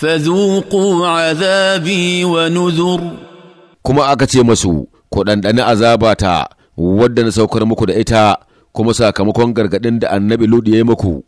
fazuku azabi wa nuzur kuma aka ce masu ku ɗanɗani azaba ta wadda na saukar muku da ita kuma sakamakon gargaɗin da annabi ludu ya yi muku